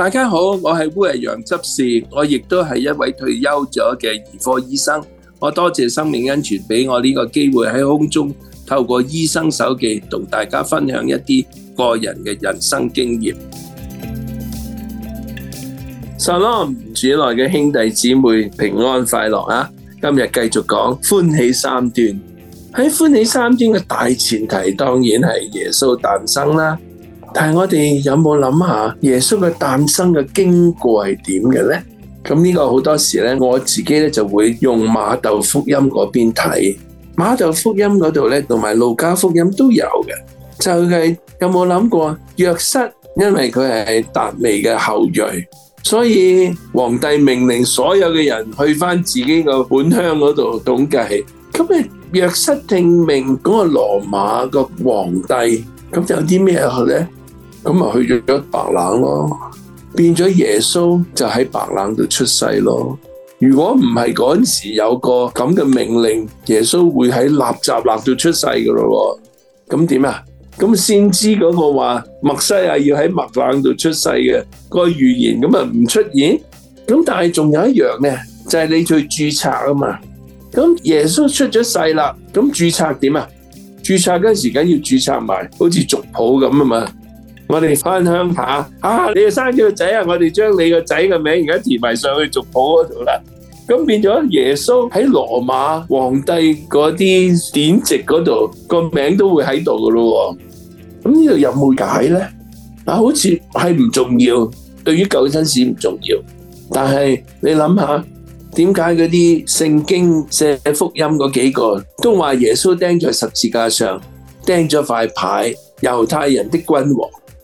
大家好，我係烏羊執事，我亦都係一位退休咗嘅兒科醫生。我多謝生命恩泉俾我呢個機會喺空中透過醫生手記同大家分享一啲個人嘅人生經驗。沙龍主內嘅兄弟姊妹平安快樂啊！今日繼續講歡喜三端。喺歡喜三端嘅大前提，當然係耶穌誕生啦。但係我哋有冇諗下耶穌嘅誕生嘅經過係點嘅咧？咁呢個好多時咧，我自己咧就會用馬竇福音嗰邊睇，馬竇福音嗰度咧，同埋路加福音都有嘅。就係有冇諗過，約瑟因為佢係達味嘅後裔，所以皇帝命令所有嘅人去翻自己個本鄉嗰度統計。咁你，約瑟聽命嗰個羅馬嘅皇帝，咁有啲咩咧？咁啊去咗白冷咯，變咗耶穌就喺白冷度出世咯。如果唔係嗰陣時有個咁嘅命令，耶穌會喺納雜納度出世噶咯。咁點啊？咁先知嗰個話，默西亞要喺白冷度出世嘅，那個預言，咁啊唔出現。咁但係仲有一樣咧，就係、是、你去注冊啊嘛。咁耶穌出咗世啦，咁注冊點啊？注冊嗰陣時間要注冊埋，好似族譜咁啊嘛。我哋翻鄉下啊！你又生咗個仔啊！我哋將你個仔嘅名而家填埋上去族譜嗰度啦。咁變咗耶穌喺羅馬皇帝嗰啲典籍嗰度個名都會喺度噶咯。咁呢度有冇解咧？嗱，好似係唔重要，對於救恩史唔重要，但係你諗下點解嗰啲聖經寫福音嗰幾個都話耶穌釘在十字架上，釘咗塊牌，猶太人的君王。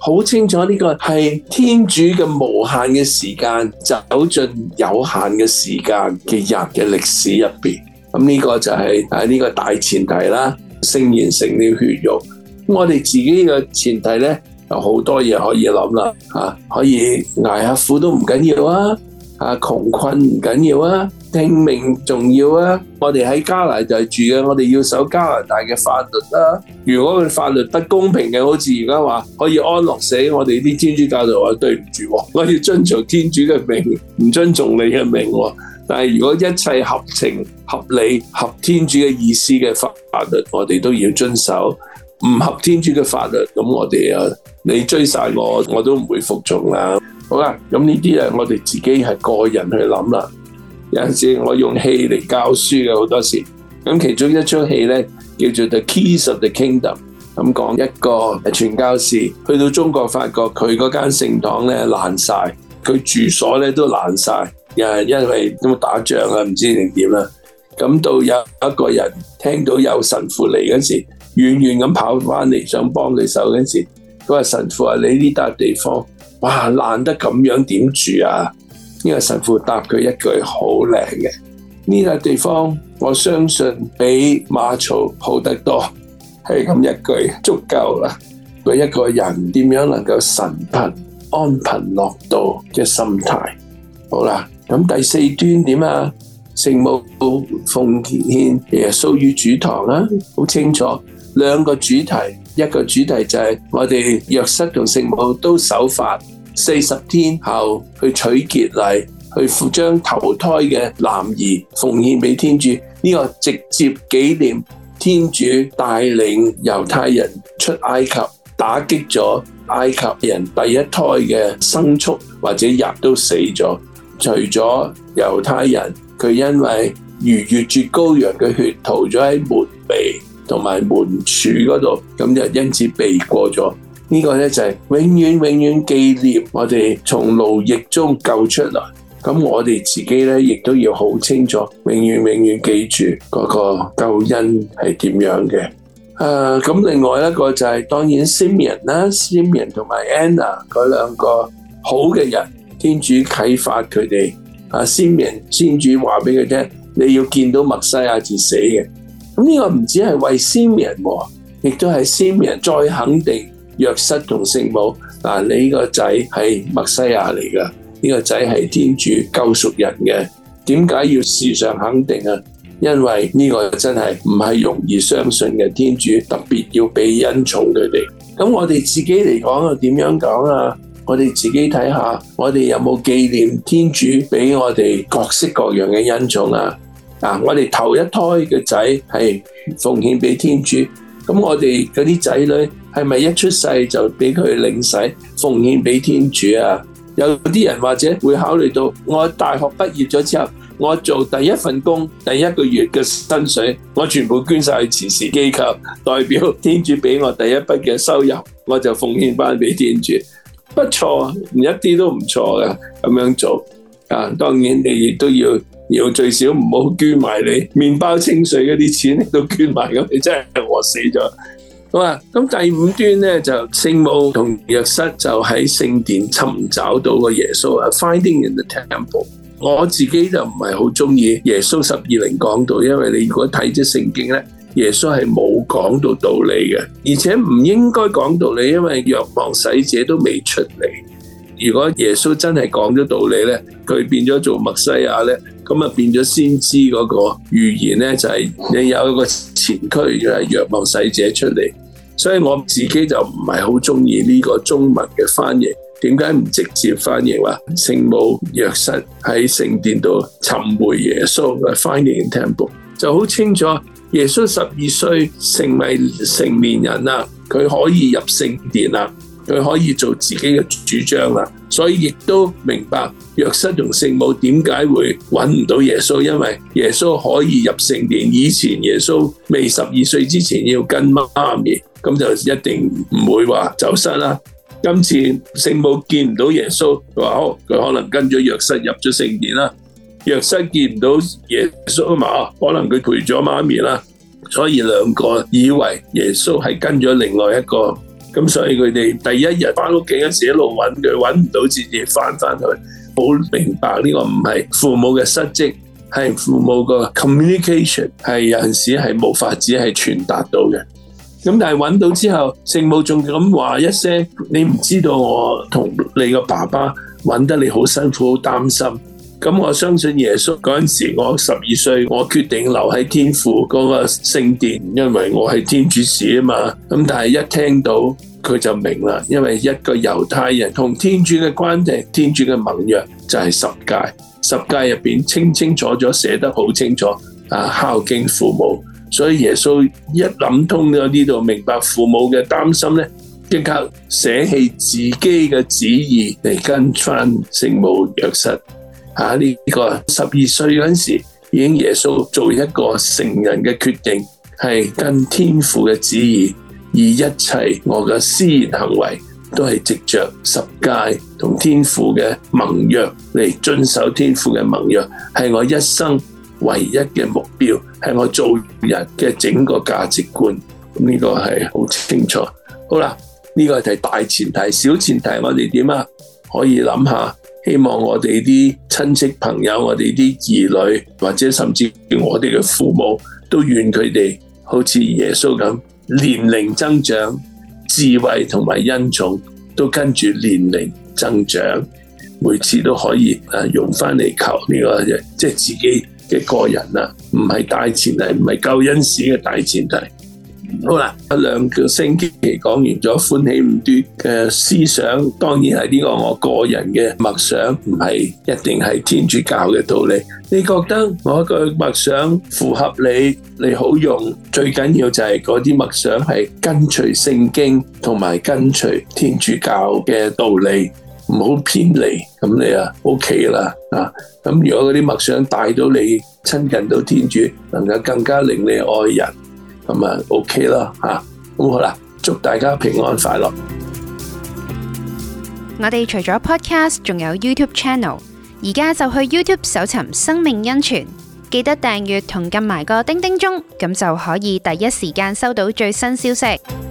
好清楚呢，這個係天主嘅無限嘅時間走進有限嘅時間嘅人嘅歷史入面。咁呢個就係喺呢個大前提啦。聖言成了血肉，我哋自己嘅前提呢，有好多嘢可以諗，可以捱下苦都唔緊要，窮窮困唔緊要。聽命重要啊！我哋喺加拿大住嘅，我哋要守加拿大嘅法律啦。如果佢法律不公平嘅，好似而家話可以安樂死，我哋啲天主教徒話，對唔住，我要遵從天主嘅命，唔遵從你嘅命。但係如果一切合情合理，合天主嘅意思嘅法律，我哋都要遵守。唔合天主嘅法律，咁我哋啊，你追殺我，我都唔會服從啦。好啦，咁呢啲啊，我哋自己係個人去諗啦。有陣時我用戲嚟教書嘅，好多時，咁其中一出戲咧叫做《The Keys of the Kingdom》，咁講一個傳教士去到中國，發覺佢嗰間聖堂咧爛晒，佢住所咧都爛晒，又係因為打仗啊，唔知定點啦。咁到有一個人聽到有神父嚟嗰時，遠遠咁跑翻嚟想幫佢手嗰時，佢話，神父啊：你呢笪地方，哇爛得咁樣，點住啊！呢個神父答佢一句好靚嘅，呢笪地方我相信比馬槽好得多，係咁一句足夠啦。佢一個人點樣能夠神貧安貧樂道嘅心態？好啦，咁第四端點啊？聖母奉獻耶穌於主堂啦，好清楚。兩個主題，一個主題就係我哋若瑟同聖母都守法。四十天後去取結禮，去將頭胎嘅男兒奉獻俾天主。呢個直接紀念天主帶領猶太人出埃及，打擊咗埃及人第一胎嘅牲畜，或者羊都死咗。除咗猶太人，佢因為逾越節羔羊嘅血塗咗喺門楣同埋門柱嗰度，咁就因此避過咗。呢個咧就係永遠永遠紀念我哋從奴役中救出來。咁我哋自己咧亦都要好清楚，永遠永遠記住嗰個，個救恩係點樣嘅。誒、啊，咁另外一個就係、是、當然 Simeon 啦 Simeon 同埋 Anna 嗰兩個好嘅人，天主啟發佢哋。啊，Simeon，天主話俾佢聽，你要見到默西亞至死嘅。咁呢個唔止係為 Simeon，亦、啊、都係 Simeon 再肯定。約瑟同聖母，嗱，你呢個仔係默西亞嚟噶，呢個仔係天主救贖人嘅。點解要時常肯定啊？因為呢個真係唔係容易相信嘅，天主特別要俾恩寵佢哋。咁我哋自己嚟講啊，又點樣講啊？我哋自己睇下，我哋有冇紀念天主俾我哋各式各樣嘅恩寵啊？嗱，我哋頭一胎嘅仔係奉獻俾天主。咁我哋嗰啲仔女係咪一出世就俾佢領洗奉獻俾天主啊？有啲人或者會考慮到，我大學畢業咗之後，我做第一份工，第一個月嘅薪水，我全部捐晒去慈善機構，代表天主俾我第一筆嘅收入，我就奉獻翻俾天主。不錯，唔一啲都唔錯㗎，咁樣做啊，當然你亦都要。要最少唔好捐埋你麵包清水嗰啲錢都捐埋咁，你真係餓死咗。好啊，咁第五端咧，就聖母同若瑟就喺聖殿尋找到個耶穌啊，Finding in the temple。我自己就唔係好中意耶穌十二零講道，因為你如果睇咗聖經咧，耶穌係冇講到道理嘅，而且唔應該講道理，因為若望洗者都未出嚟。如果耶穌真係講咗道理咧，佢變咗做默西亞。咧。咁啊變咗先知嗰個預言咧，就係、是、你有一個前驅，係若翰使者出嚟。所以我自己就唔係好中意呢個中文嘅翻譯。點解唔直接翻譯話聖母若瑟喺聖殿度尋回耶穌嘅翻譯 Temple 就好清楚，耶穌十二歲成為成年人啦，佢可以入聖殿啦。佢可以做自己嘅主張啦，所以亦都明白若瑟同聖母點解會揾唔到耶穌，因為耶穌可以入聖殿。以前耶穌未十二歲之前要跟媽咪，咁就一定唔會話走失啦。今次聖母見唔到耶穌，佢話好，佢可能跟咗若瑟入咗聖殿啦。若瑟見唔到耶穌啊嘛，可能佢陪咗媽咪啦，所以兩個以為耶穌係跟咗另外一個。咁所以佢哋第一日翻屋企嗰時一路揾佢，揾唔到自己翻翻去。好明白呢個唔係父母嘅失職，係父母個 communication 係有陣時係無法只係傳達到嘅。咁但係揾到之後，聖母仲咁話一聲，你唔知道我同你個爸爸揾得你好辛苦，好擔心。咁我相信耶穌嗰陣時，我十二歲，我決定留喺天父嗰個聖殿，因為我係天主子啊嘛。咁但係一聽到佢就明啦，因為一個猶太人同天主嘅關係，天主嘅盟約就係十誡，十誡入邊清清楚楚寫得好清楚啊，孝敬父母。所以耶穌一諗通咗呢度，明白父母嘅擔心咧，即刻捨棄自己嘅旨意嚟跟翻聖母若瑟。啊！呢、這個十二歲嗰時已經耶穌做一個成人嘅決定，係跟天父嘅旨意，而一切我嘅思言行為都係藉着十誡同天父嘅盟約嚟遵守天父嘅盟約，係我一生唯一嘅目標，係我做人嘅整個價值觀。呢個係好清楚。好啦，呢、這個係大前提，小前提我哋點啊？可以諗下。希望我哋啲親戚朋友、我哋啲兒女，或者甚至我哋嘅父母，都願佢哋好似耶穌咁，年齡增長、智慧同埋恩寵都跟住年齡增長，每次都可以用返嚟求呢個，即係自己嘅個人啦，唔係大前提，唔係救恩史嘅大前提。好啦，兩句聖經講完咗，歡喜五端嘅思想，當然係呢個我個人嘅默想，唔係一定係天主教嘅道理。你覺得我個默想符合你，你好用，最緊要就係嗰啲默想係跟隨聖經同埋跟隨天主教嘅道理，唔好偏離。咁你啊，OK 啦啊。咁如果嗰啲默想帶到你親近到天主，能夠更加令你愛人。咁啊，OK 啦，吓，咁好啦，祝大家平安快樂。我哋除咗 Podcast，仲有 YouTube Channel，而家就去 YouTube 搜尋《生命恩泉》，記得訂閱同撳埋個叮叮鐘，咁就可以第一時間收到最新消息。